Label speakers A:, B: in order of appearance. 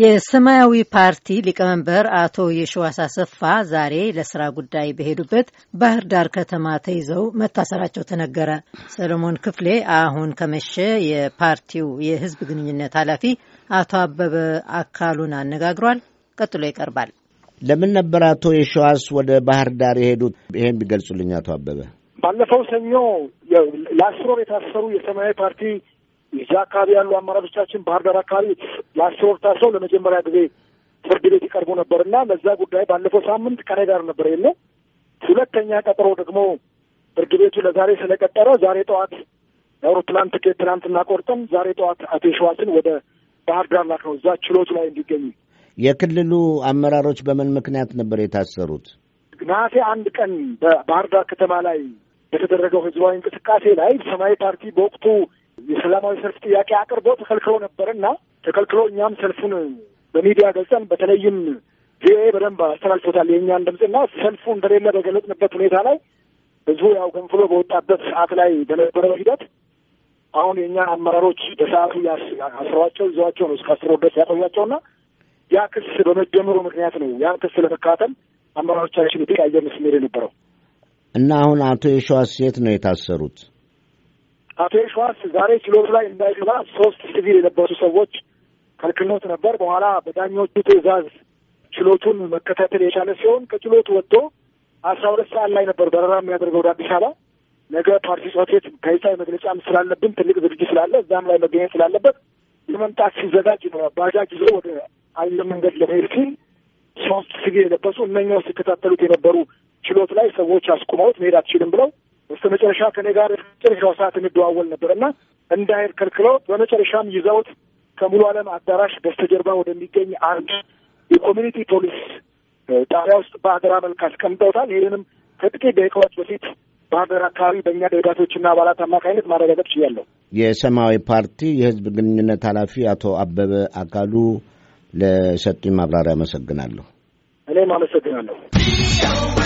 A: የሰማያዊ ፓርቲ ሊቀመንበር አቶ የሸዋስ አሰፋ ዛሬ ለስራ ጉዳይ በሄዱበት ባህር ዳር ከተማ ተይዘው መታሰራቸው ተነገረ። ሰለሞን ክፍሌ አሁን ከመሸ የፓርቲው የህዝብ ግንኙነት ኃላፊ አቶ አበበ አካሉን አነጋግሯል። ቀጥሎ ይቀርባል።
B: ለምን ነበር አቶ የሸዋስ ወደ ባህር ዳር የሄዱት? ይሄን ቢገልጹልኝ አቶ አበበ።
A: ባለፈው ሰኞ ለአስር ወር
C: የታሰሩ የሰማያዊ ፓርቲ እዚያ አካባቢ ያሉ አመራሮቻችን ባህር ዳር አካባቢ ወር ወቅታቸው ለመጀመሪያ ጊዜ ፍርድ ቤት ይቀርቡ ነበር እና ለዛ ጉዳይ ባለፈው ሳምንት ከኔ ጋር ነበር የለ ሁለተኛ ቀጠሮ ደግሞ ፍርድ ቤቱ ለዛሬ ስለቀጠረ ዛሬ ጠዋት የአውሮፕላን ትኬት ትናንትና ቆርጠን ዛሬ ጠዋት አቶ ወደ ባህር ዳር ላክ ነው እዛ ችሎቱ ላይ እንዲገኙ።
B: የክልሉ አመራሮች በምን ምክንያት ነበር የታሰሩት?
C: ነሐሴ አንድ ቀን በባህር ዳር ከተማ ላይ በተደረገው ህዝባዊ እንቅስቃሴ ላይ ሰማያዊ ፓርቲ በወቅቱ የሰላማዊ ሰልፍ ጥያቄ አቅርቦ ተከልክሎ ነበርና ተከልክሎ እኛም ሰልፉን በሚዲያ ገልጸን በተለይም ቪኦኤ በደንብ አስተላልፎታል የእኛን ድምፅና ሰልፉ እንደሌለ በገለጽንበት ሁኔታ ላይ ህዝቡ ያው ገንፍሎ በወጣበት ሰዓት ላይ በነበረው ሂደት አሁን የእኛን አመራሮች በሰዓቱ አስረዋቸው ይዘዋቸው ነው እስከ አስሮ ድረስ ያቆያቸውና ያ ክስ በመጀመሩ ምክንያት ነው ያን ክስ ለመካተል አመራሮቻችን ቢ የነበረው
B: እና አሁን አቶ የሸዋስ የት ነው የታሰሩት?
C: አቶ የሸዋስ ዛሬ ችሎቱ ላይ እንዳይገባ ሶስት ሲቪል የለበሱ ሰዎች ከልክሎት ነበር። በኋላ በዳኞቹ ትዕዛዝ ችሎቱን መከታተል የቻለ ሲሆን ከችሎቱ ወጥቶ አስራ ሁለት ሰዓት ላይ ነበር በረራ የሚያደርገው ወደ አዲስ አበባ። ነገ ፓርቲ ጽሕፈት ቤት ጋዜጣዊ መግለጫም ስላለብን ትልቅ ዝግጅት ስላለ እዛም ላይ መገኘት ስላለበት ለመምጣት ሲዘጋጅ ነው ባጃጅ ይዞ ወደ አየር መንገድ ለመሄድ ሲል ሶስት ሲቪል የለበሱ እነኛው ሲከታተሉት የነበሩ ችሎት ላይ ሰዎች አስቁመውት መሄድ አትችልም ብለው በስተ መጨረሻ ከኔ ጋር መጨረሻው ሰዓት እንደዋወል ነበር እና እንዳሄድ ከልክለው በመጨረሻም ይዘውት ከሙሉ ዓለም አዳራሽ በስተጀርባ ወደሚገኝ አንድ የኮሚኒቲ ፖሊስ ጣቢያ ውስጥ በአደራ መልክ አስቀምጠውታል። ይህንንም ከጥቂት ደቂቃዎች በፊት በሀገር አካባቢ በእኛ ደጋቶችና አባላት አማካኝነት ማረጋገጥ ችያለሁ።
B: የሰማያዊ ፓርቲ የህዝብ ግንኙነት ኃላፊ አቶ አበበ አካሉ ለሰጡኝ ማብራሪያ አመሰግናለሁ።
C: እኔም አመሰግናለሁ።